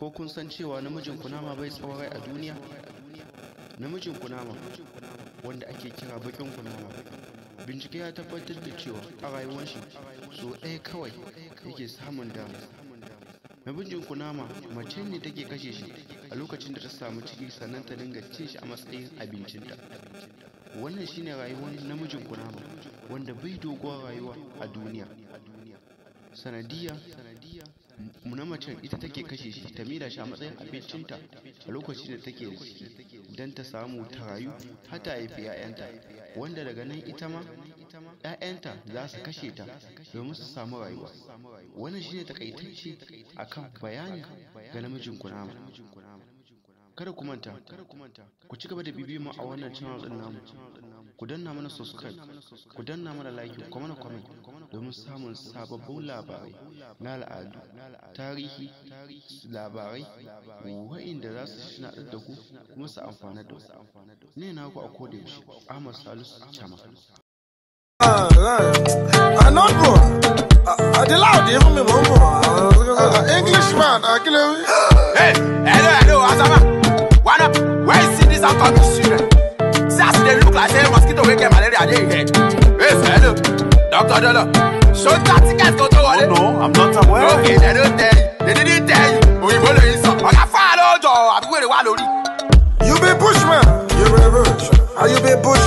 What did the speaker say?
ko kun san cewa namijin kunama bai tsawon rai a duniya namijin kunama wanda ake kira bakin kunama bincike ya tabbatar da cewa a rayuwar shi so ɗaya kawai yake samun dama namijin kunama mace ne take kashe shi a lokacin da ta samu ciki sannan ta dinga cin shi a matsayin abincinta wannan shine rayuwar namijin kunama wanda bai doguwar rayuwa a duniya sanadiyya na macen ita take kashe shi ta mira shi a matsayin abincinta a lokacin da take da shi don ta samu ta rayu har ta haifi 'ya'yanta wanda daga nan ita ma 'ya'yanta za su kashe ta domin su samu rayuwa wannan shine takaitacce akan bayani ga namijin kunama kada ku manta ku ci gaba da bibiyar mu a wannan channel din namu ku danna mana subscribe ku danna mana like ku mana comment domin samun sababbin labarai na al'adu tarihi labarai wa'inda za su shi da ku kuma su amfana da wasu ne na ku a kodayaushe ahmad salisu chama Hey, hello, hello, Asama. What up? Where is this? I'm coming soon. See, as they look like mosquito, we get malaria. They head. Hey, hello. ṣó guys tó oh, no i'm not aware. okay they tell you they didn't tell you òyìnbó lè sọ you be bushman you be you be